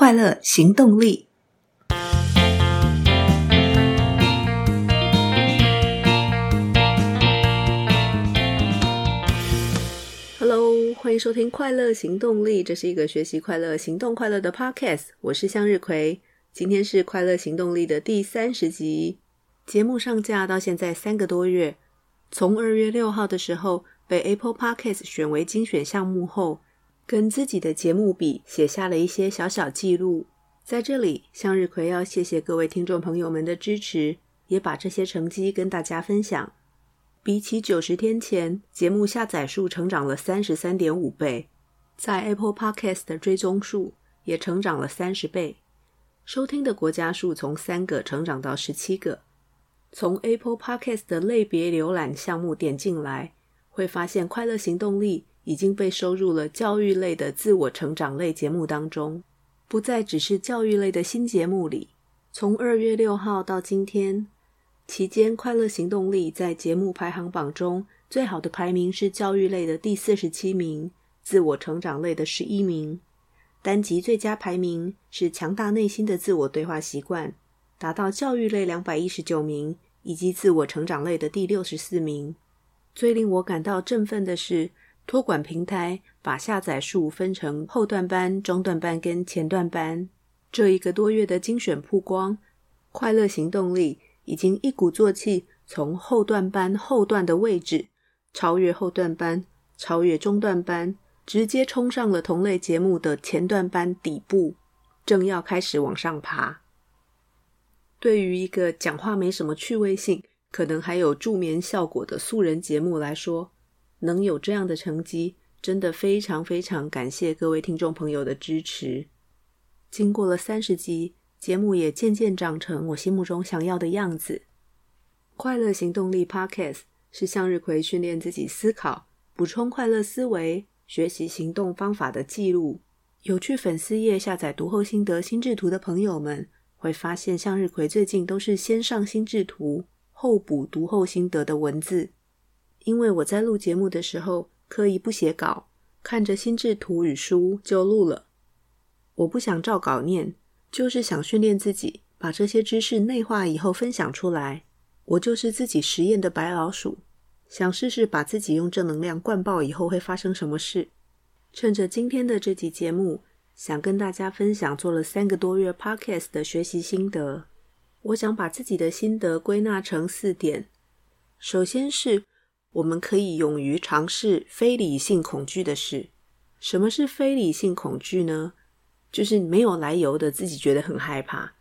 快樂行動力。Hello，歡迎收聽《快樂行動力》，這是一個學習快樂、行動快樂的 Podcast。我是向日葵，今天是《快樂行動力》的第三十集。節目上架到現在三個多月，從二月六號的時候被 Apple Podcast 選為精選項目後。跟自己的節目比，寫下了一些小小記錄。在這裡，向日葵要謝謝各位聽眾朋友們的支持，也把這些成績跟大家分享。比起九十天前，節目下載數成長了三十三點五倍，在 Apple Podcast 的追蹤數也成長了三十倍，收聽的國家數從三個成長到十七個。從 Apple Podcast 的類別瀏覽項目點進來，會發現“快樂行動力”。已經被收入了教育類的自我成長類節目當中，不再只是教育類的新節目裡。從二月六號到今天，期間《快樂行動力》在節目排行榜中最好的排名是教育類的第四十七名，自我成長類的十一名。單集最佳排名是《強大內心的自我對話習慣》，達到教育類兩百一十九名以及自我成長類的第六十四名。最令我感到振奮的是，託管平台把下載數分成後段班、中段班跟前段班。這一個多月的精選曝光，《快樂行動力》已經一鼓作氣，從後段班後段的位置超越後段班，超越中段班，直接衝上了同類節目的前段班底部，正要開始往上爬。對於一個講話沒什麼趣味性、可能還有助眠效果的素人節目來說，能有這樣的成績，真的非常非常感謝各位聽眾朋友的支持。經過了三十集，節目也漸漸長成我心目中想要的樣子。快樂行動力 Podcast 是向日葵訓練自己思考、補充快樂思維、學習行動方法的記錄。有去粉絲頁下載讀後心得、心智圖的朋友們，會發現向日葵最近都是先上心智圖，後補讀後心得的文字。因為我在錄節目的時候刻意不寫稿，看着心智圖與書就錄了。我不想照稿念，就是想訓練自己把這些知識內化以後分享出來。我就是自己實驗的白老鼠，想試試把自己用正能量灌爆以後會發生什麼事。趁着今天的這集節目，想跟大家分享做了三個多月 Podcast 的學習心得。我想把自己的心得歸納成四點，首先是。我們可以勇於嘗試非理性恐懼的事。什麼是非理性恐懼呢？就是沒有來由的，自己覺得很害怕。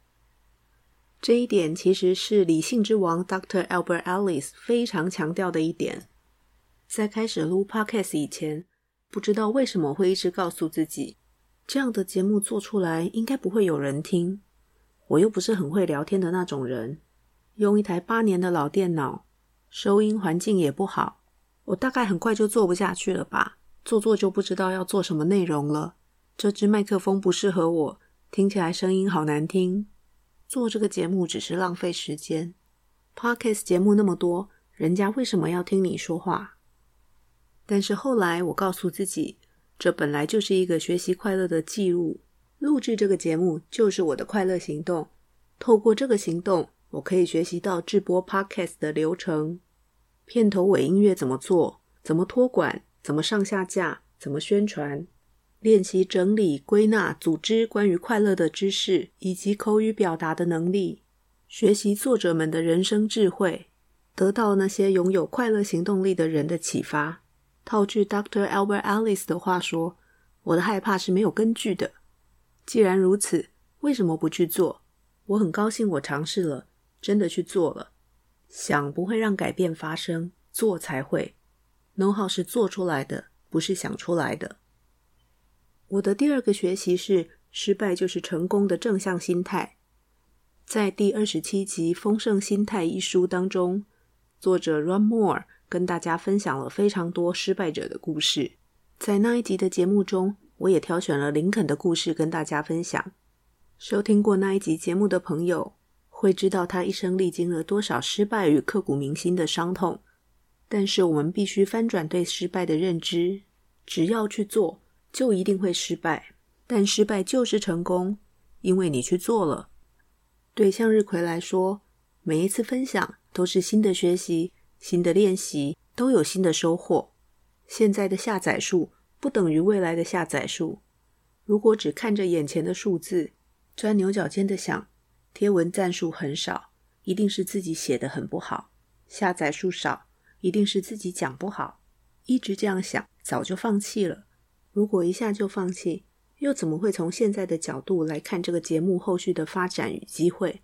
這一點其實是理性之王 Dr. Albert Ellis 非常強調的一點。在開始錄 Podcast 以前，不知道為什麼會一直告訴自己，這樣的節目做出來應該不會有人聽。我又不是很會聊天的那種人，用一台八年的老電腦。收音環境也不好，我大概很快就做不下去了吧？做做就不知道要做什麼內容了。這支麥克風不適合我，聽起來聲音好難聽。做這個節目只是浪費時間。Podcast 節目那麼多，人家為什麼要聽你說話？但是後來我告訴自己，這本來就是一個學習快樂的記錄。錄製這個節目就是我的快樂行動。透過這個行動，我可以學習到製播 Podcast 的流程，片頭尾音樂怎麼做，怎麼托管，怎麼上下架，怎麼宣傳，練習整理歸納組織關於快樂的知識，以及口語表達的能力，學習作者們的人生智慧，得到那些擁有快樂行動力的人的啟發。套句 Dr. Albert Ellis 的話說：“我的害怕是沒有根據的。”既然如此，為什麼不去做？我很高興我嘗試了。真的去做了，想不會讓改變發生，做才會。Know-how 是做出來的，不是想出來的。我的第二個學習是，失敗就是成功的正向心態。在第二十七集《豐盛心態》一書當中，作者 Ron Moore 跟大家分享了非常多失敗者的故事。在那一集的節目中，我也挑選了林肯的故事跟大家分享。收聽過那一集節目的朋友。會知道他一生歷經了多少失敗與刻骨銘心的傷痛，但是我們必須翻轉對失敗的認知。只要去做，就一定會失敗。但失敗就是成功，因為你去做了。對向日葵來說，每一次分享都是新的學習、新的練習，都有新的收穫。現在的下載數不等於未來的下載數。如果只看着眼前的數字，鑽牛角尖的想，貼文贊數很少，一定是自己寫得很不好；下載數少，一定是自己講不好。一直這樣想，早就放棄了。如果一下就放棄，又怎麼會從現在的角度來看這個節目後續的發展與機會？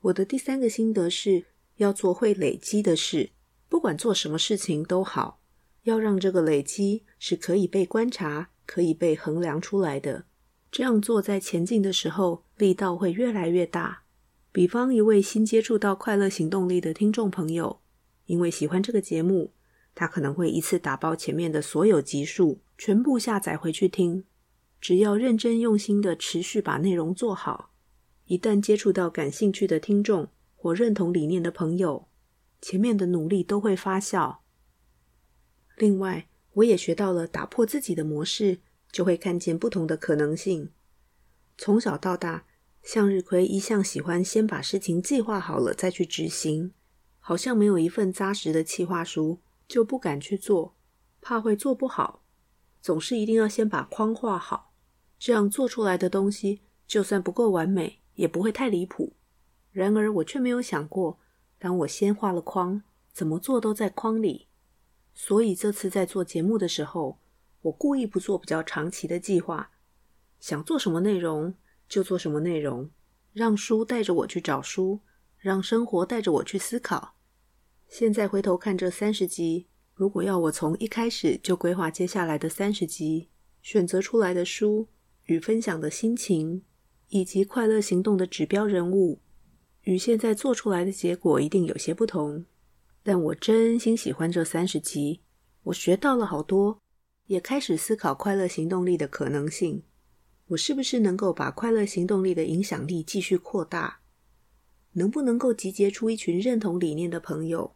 我的第三個心得是要做會累積的事，不管做什麼事情都好，要讓這個累積是可以被觀察、可以被衡量出來的。這樣做，在前進的時候，力道會越來越大。比方，一位新接觸到快樂行動力的聽眾朋友，因為喜歡這個節目，他可能會一次打包前面的所有集數，全部下載回去聽。只要認真用心地持續把內容做好，一旦接觸到感興趣的聽眾或認同理念的朋友，前面的努力都會發酵。另外，我也學到了打破自己的模式。就會看見不同的可能性。從小到大，向日葵一向喜歡先把事情計劃好了再去執行，好像沒有一份扎實的企劃書就不敢去做，怕會做不好，總是一定要先把框畫好，這樣做出來的東西就算不夠完美，也不會太離譜。然而我卻沒有想過，當我先畫了框，怎麼做都在框裡，所以這次在做節目的時候。我故意不做比較長期的計劃，想做什麼內容就做什麼內容，讓書帶着我去找書，讓生活帶着我去思考。現在回頭看這三十集，如果要我從一開始就規劃接下來的三十集，選擇出來的書與分享的心情，以及快樂行動的指標人物，與現在做出來的結果一定有些不同。但我真心喜歡這三十集，我學到了好多。也開始思考快樂行動力的可能性。我是不是能夠把快樂行動力的影響力繼續擴大？能不能夠集結出一群認同理念的朋友？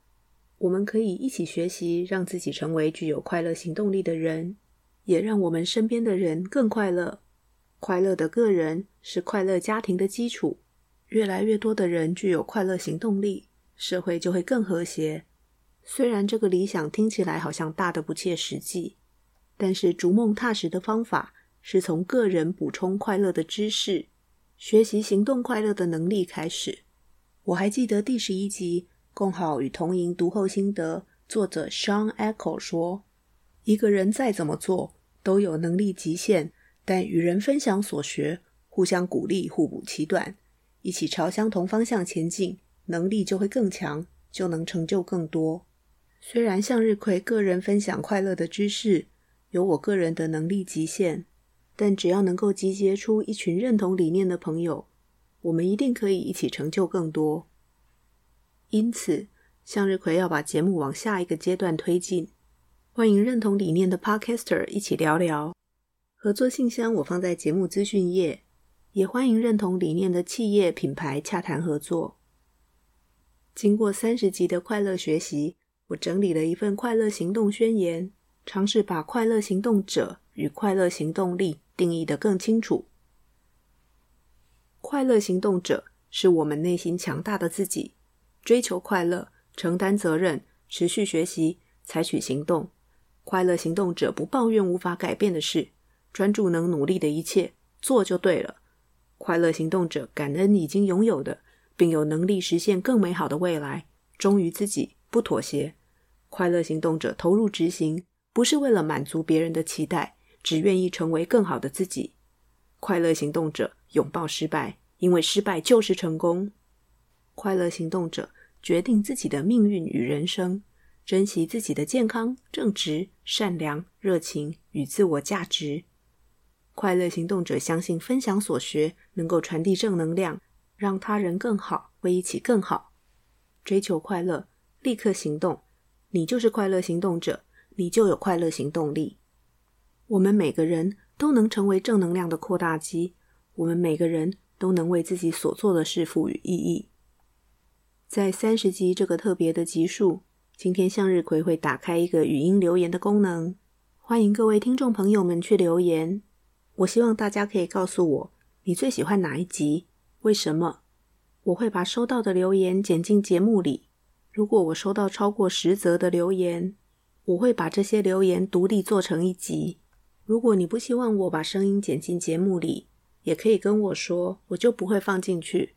我們可以一起學習，讓自己成為具有快樂行動力的人，也讓我們身邊的人更快樂。快樂的個人是快樂家庭的基礎。越來越多的人具有快樂行動力，社會就會更和諧。雖然這個理想聽起來好像大得不切實際。但是，逐夢踏實的方法是從個人補充快樂的知識、學習行動快樂的能力開始。我還記得第十一集《共好與同贏》讀後心得，作者 Sean Echo 說：“一個人再怎麼做都有能力極限，但與人分享所學，互相鼓勵，互補其短，一起朝相同方向前進，能力就會更強，就能成就更多。”雖然向日葵個人分享快樂的知識，有我個人的能力極限，但只要能夠集結出一群認同理念的朋友，我們一定可以一起成就更多。因此，向日葵要把節目往下一個階段推進，歡迎認同理念的 Podcaster 一起聊聊。合作信箱我放在節目資訊頁，也歡迎認同理念的企業品牌洽談合作。經過三十集的快樂學習，我整理了一份快樂行動宣言。嘗試把快樂行動者與快樂行動力定義得更清楚。快樂行動者是我們內心強大的自己，追求快樂，承擔責任，持續學習，採取行動。快樂行動者不抱怨無法改變的事，專注能努力的一切，做就對了。快樂行動者感恩已經擁有的，並有能力實現更美好的未來，忠於自己，不妥協。快樂行動者投入執行。不是為了滿足別人的期待，只願意成為更好的自己。快樂行動者擁抱失敗，因為失敗就是成功。快樂行動者決定自己的命運與人生，珍惜自己的健康、正直、善良、熱情與自我價值。快樂行動者相信分享所學能夠傳遞正能量，讓他人更好，為一起更好。追求快樂，立刻行動，你就是快樂行動者。你就有快樂行動力。我們每個人都能成為正能量的擴大機。我們每個人都能為自己所做的事賦予意義。在三十集這個特別的集數，今天向日葵會打開一個語音留言的功能，歡迎各位聽眾朋友們去留言。我希望大家可以告訴我你最喜歡哪一集，為什麼？我會把收到的留言剪進節目裡。如果我收到超過十則的留言，我會把這些留言獨立做成一集。如果你不希望我把聲音剪進節目裡，也可以跟我說，我就不會放進去。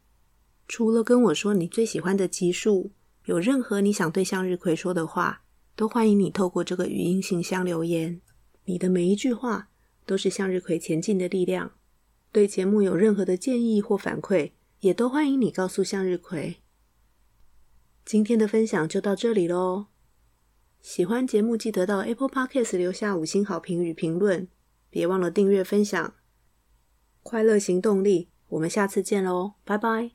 除了跟我說你最喜歡的集數，有任何你想對向日葵說的話，都歡迎你透過這個語音信箱留言。你的每一句話都是向日葵前進的力量。對節目有任何的建議或反饋，也都歡迎你告訴向日葵。今天的分享就到這裡嘍。喜歡節目，記得到 Apple Podcast 留下五星好評與評論，別忘了訂閱分享。快樂行動力，我們下次見嘍，拜拜。